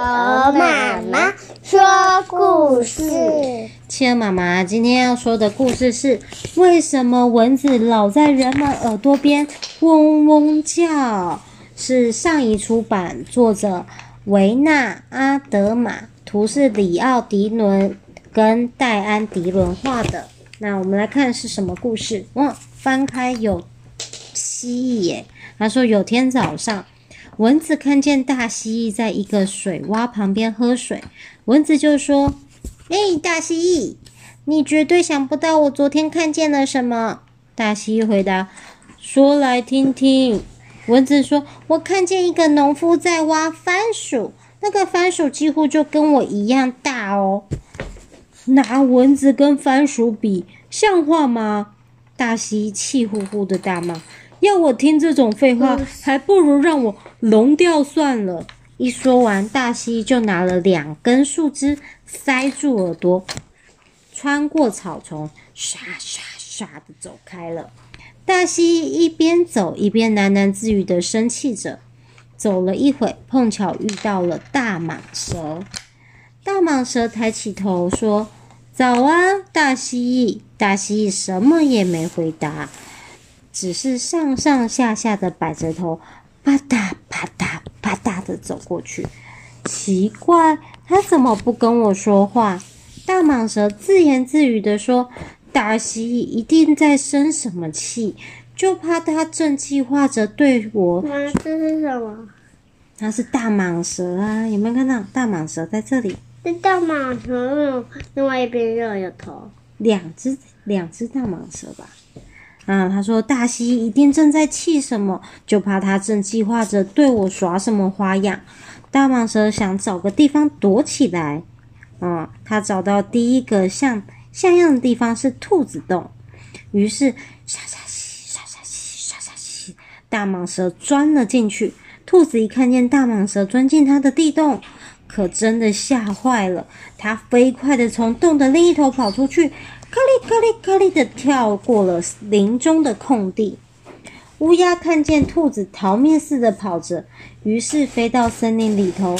和、哦、媽媽說故事。千媽媽，今天要說的故事是：為什麼蚊子老在人們耳朵邊嗡嗡叫？是上誼出版，作者維納阿德瑪，圖是李奧迪倫跟戴安迪倫畫的。那我們來看是什麼故事。哇、哦，翻開有蜥蜴耶。他說有天早上。蚊子看見大蜥蜴在一個水洼旁邊喝水，蚊子就說：“誒、欸，大蜥蜴，你絕對想不到我昨天看見了什麼。”大蜥蜴回答：“說來聽聽。”蚊子說：“我看見一個農夫在挖番薯，那個番薯幾乎就跟我一樣大哦。”拿蚊子跟番薯比，像話嗎？大蜥蜴氣呼呼的大罵。要我聽這種廢話，哇還不如讓我聾掉算了。一說完，大蜥蜴就拿了兩根樹枝塞住耳朵，穿過草叢，唰唰唰地走開了。大蜥蜴一邊走一邊喃喃自語地生氣着。走了一會，碰巧遇到了大蟒蛇。大蟒蛇抬起頭說：“早啊，大蜥蜴。”大蜥蜴什麼也沒回答。只是上上下下的擺着頭，啪嗒啪嗒啪嗒的走過去。奇怪，他怎麼不跟我說話？大蟒蛇自言自語的說：“大蜥蜴一定在生什麼氣，就怕他正計劃着對我。”媽媽，這是什麼？它是大蟒蛇啊！有沒有看到大蟒蛇在這裡？這大蟒蛇、嗯、另外一邊又有頭，兩隻兩隻大蟒蛇吧。啊、嗯，他說大蜥蜴一定正在氣什麼，就怕他正計劃着對我耍什麼花樣。大蟒蛇想找個地方躲起來，啊、嗯，他找到第一個像像樣的地方是兔子洞，於是刷刷吸刷刷吸刷刷吸，大蟒蛇鑽了進去。兔子一看見大蟒蛇鑽進它的地洞，可真的嚇壞了，它飛快地從洞的另一頭跑出去。咖哩咖哩咖哩的跳過了林中的空地，烏鴉看見兔子逃命似的跑着，於是飛到森林裡頭，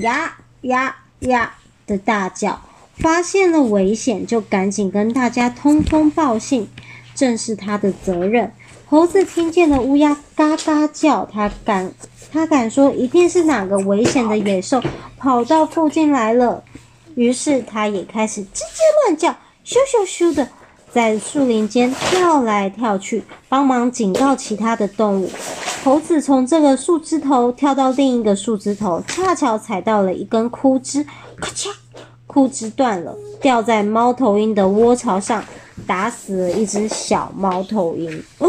呀呀呀的大叫。發現了危險，就趕緊跟大家通風報信，正是他的責任。猴子聽見了烏鴉嘎嘎叫，他敢他敢說，一定是哪個危險的野獸跑到附近來了，於是他也開始吱吱亂叫。咻咻咻的，在樹林間跳來跳去，幫忙警告其他的動物。猴子從這個樹枝頭跳到另一個樹枝頭，恰巧踩到了一根枯枝，咔嚓，枯枝斷了，掉在貓頭鷹的窩巢上。打死了一隻小貓頭鷹。哦，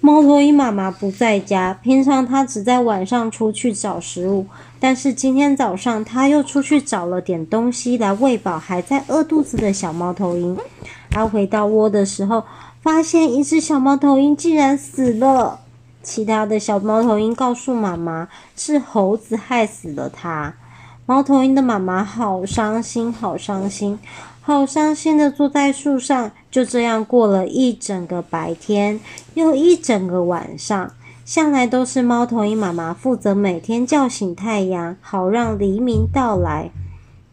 貓頭鷹媽媽不在家，平常它只在晚上出去找食物，但是今天早上它又出去找了點東西來餵飽還在餓肚子的小貓頭鷹。它回到窩的時候，發現一隻小貓頭鷹竟然死了。其他的小貓頭鷹告訴媽媽，是猴子害死了它。貓頭鷹的媽媽好傷心，好傷心。好傷心的坐在樹上，就這樣過了一整個白天，又一整個晚上。向來都是貓頭鷹媽媽負責每天叫醒太陽，好讓黎明到來。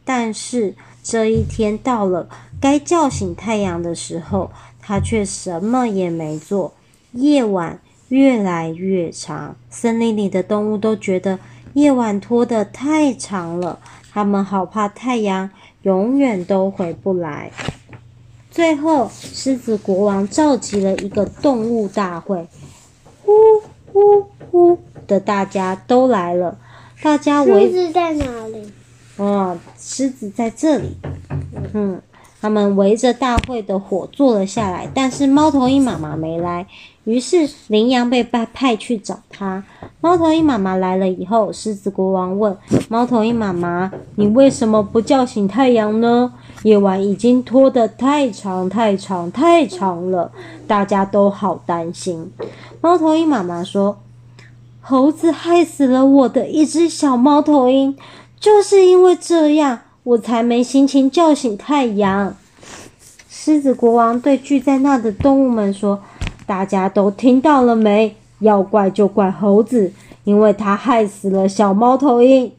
但是這一天到了該叫醒太陽的時候，它卻什麼也沒做。夜晚越來越長，森林裡的動物都覺得夜晚拖得太長了，它們好怕太陽永遠都回不來。最後，獅子國王召集了一個動物大會，呼呼呼的，大家都來了。大家圍，獅子在哪裡？哦，獅子在這裡。嗯。他們圍着大會的火坐了下來，但是貓頭鷹媽媽沒來，於是羚羊被派派去找他。貓頭鷹媽媽來了以後，獅子國王問貓頭鷹媽媽：“你為什麼不叫醒太陽呢？夜晚已經拖得太長、太長、太長了，大家都好擔心。”貓頭鷹媽媽說：“猴子害死了我的一隻小貓頭鷹，就是因為這樣。”我才沒心情叫醒太陽。獅子國王對聚在那的動物們說：“大家都聽到了沒？要怪就怪猴子，因為他害死了小貓頭鷹。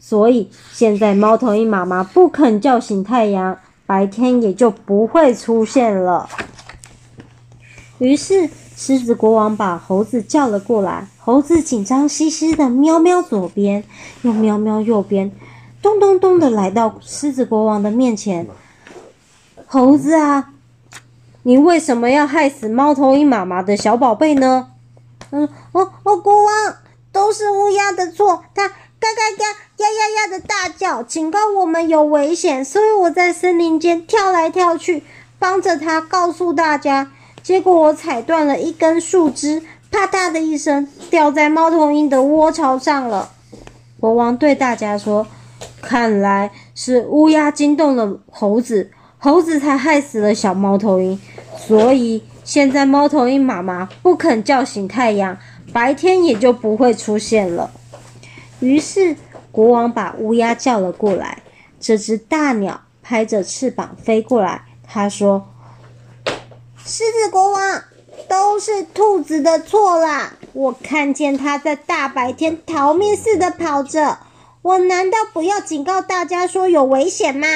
所以現在貓頭鷹媽媽不肯叫醒太陽，白天也就不會出現了。”於是獅子國王把猴子叫了過來。猴子緊張兮兮的，瞄瞄左邊，又瞄瞄右邊。咚咚咚的來到獅子國王的面前。猴子啊，你為什麼要害死貓頭鷹媽媽的小寶貝呢？嗯哦哦，國王都是烏鴉的錯。它嘎嘎嘎嘎，呀呀呀的大叫，警告我們有危險，所以我在森林間跳來跳去，幫着它告訴大家。結果我踩斷了一根樹枝，啪嗒的一聲掉在貓頭鷹的窩巢上了。國王對大家說。看來是烏鴉驚動了猴子，猴子才害死了小貓頭鷹。所以現在貓頭鷹媽媽不肯叫醒太陽，白天也就不會出現了。於是國王把烏鴉叫了過來。這只大鳥拍着翅膀飛過來，他說：“獅子國王，都是兔子的錯啦！我看見它在大白天逃命似的跑着。”.我難道不要警告大家說有危險嗎？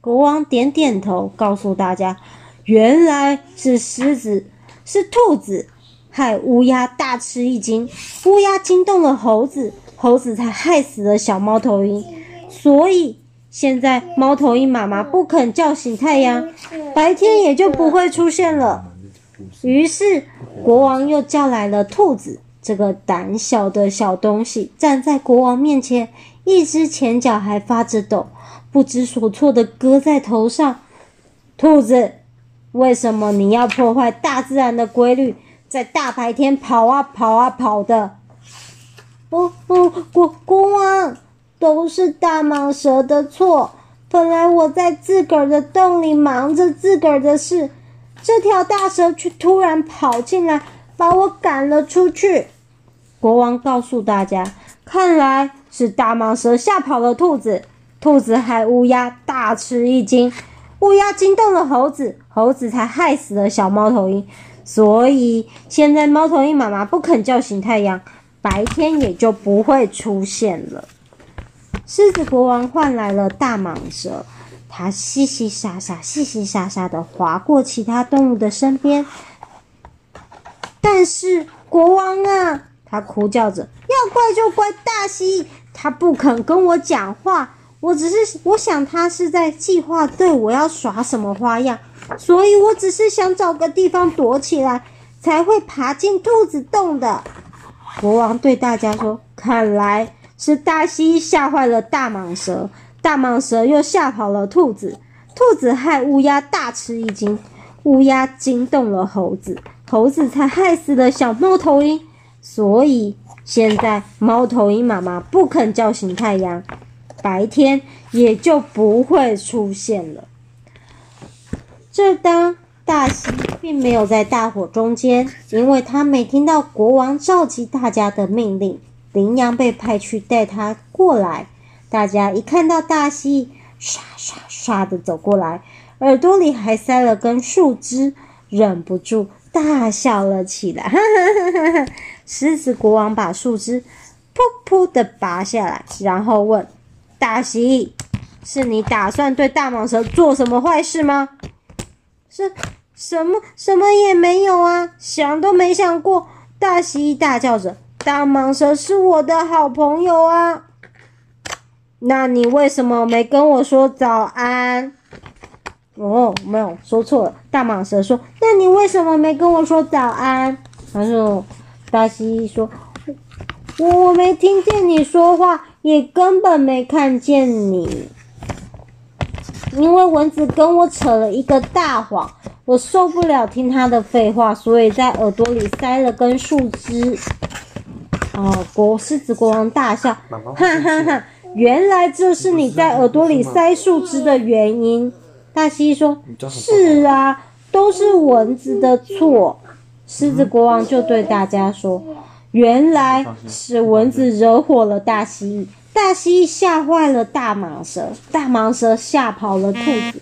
國王點點頭，告訴大家，原來是獅子、是兔子害烏鴉大吃一驚，烏鴉驚動了猴子，猴子才害死了小貓頭鷹。所以現在貓頭鷹媽媽不肯叫醒太陽，白天也就不會出現了。於是國王又叫來了兔子。這個膽小的小東西站在國王面前，一隻前腳還發着抖，不知所措地擱在頭上。兔子，為什麼你要破壞大自然的規律，在大白天跑啊跑啊跑的？哦哦，國國王，都是大蟒蛇的錯。本來我在自個兒的洞裡忙着自個兒的事，這條大蛇卻突然跑進來。把我趕了出去。國王告訴大家，看來是大蟒蛇嚇跑了兔子，兔子害烏鴉大吃一驚，烏鴉驚動了猴子，猴子才害死了小貓頭鷹。所以現在貓頭鷹媽媽不肯叫醒太陽，白天也就不會出現了。獅子國王換來了大蟒蛇，它嘻嘻沙沙、嘻嘻沙沙地滑過其他動物的身邊。但是國王啊，他哭叫着：“要怪就怪大蜥蜴，他不肯跟我講話。我只是，我想他是在計劃對我要耍什麼花樣，所以我只是想找個地方躲起來，才會爬進兔子洞的。”國王對大家說：“看來是大蜥蜴嚇壞了大蟒蛇，大蟒蛇又嚇跑了兔子，兔子害烏鴉大吃一驚，烏鴉驚動了猴子。”猴子才害死了小貓頭鷹，所以現在貓頭鷹媽媽不肯叫醒太陽，白天也就不會出現了。這當大西並沒有在大火中間，因為他沒聽到國王召集大家的命令。羚羊被派去帶他過來，大家一看到大西，刷刷刷的走過來，耳朵裡還塞了根樹枝，忍不住。大笑了起來，哈哈哈哈。獅子國王把樹枝噗噗地拔下來，然後問：“大蜥蜴，是你打算對大蟒蛇做什麼壞事嗎？”“是，什麼什麼也沒有啊，想都沒想過。”大蜥蜴大叫着：“大蟒蛇是我的好朋友啊，那你為什麼沒跟我說早安？”哦，沒有說錯了。大蟒蛇說：“那你為什麼沒跟我說早安？”然後大蜥蜴說，我我沒聽見你說話，也根本沒看見你，因為蚊子跟我扯了一個大謊，我受不了聽他的廢話，所以在耳朵裡塞了根樹枝。啊”哦，國獅子國王大笑，哈哈哈！ 原來這是你在耳朵裡塞樹枝的原因。大蜥蜴說：“是啊，都是蚊子的錯。”獅子國王就對大家說：“原來是蚊子惹火了大蜥蜴，大蜥蜴嚇壞了大蟒蛇，大蟒蛇嚇跑了兔子，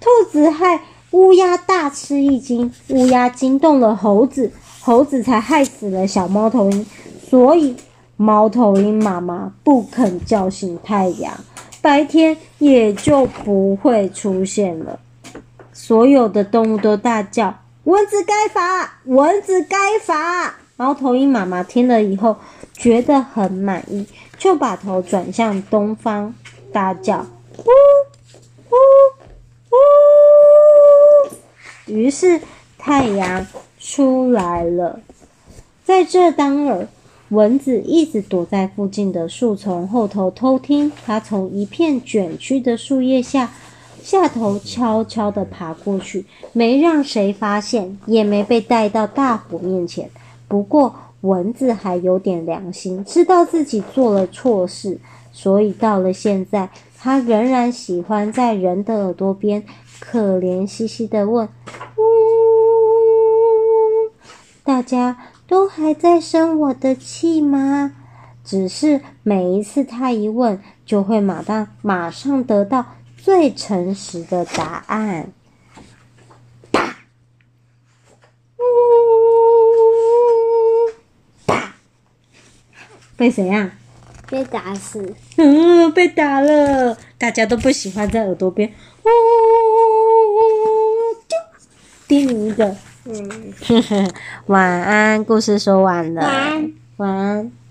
兔子害烏鴉大吃一驚，烏鴉驚動了猴子，猴子才害死了小貓頭鷹。所以貓頭鷹媽媽不肯叫醒太陽。”白天也就不會出現了。所有的動物都大叫：“蚊子該罰！蚊子該罰！”貓頭鷹媽媽聽了以後，覺得很滿意，就把頭轉向東方，大叫：“嗚嗚嗚！”於是太陽出來了。在這當兒，蚊子一直躲在附近的樹叢後頭偷聽，它從一片捲曲的樹葉下下頭悄悄的爬過去，沒讓誰發現，也沒被帶到大夥面前。不過蚊子還有點良心，知道自己做了錯事，所以到了現在，它仍然喜歡在人的耳朵邊可憐兮兮的問：“嗚、嗚，大家。”都還在生我的氣嗎？只是每一次他一問，就會馬上馬上得到最誠實的答案。嗚！被誰啊？被打死。嗯，被打了。大家都不喜歡在耳朵邊。叮，叮一個。嗯， 晚安。故事說完了。晚安。晚安。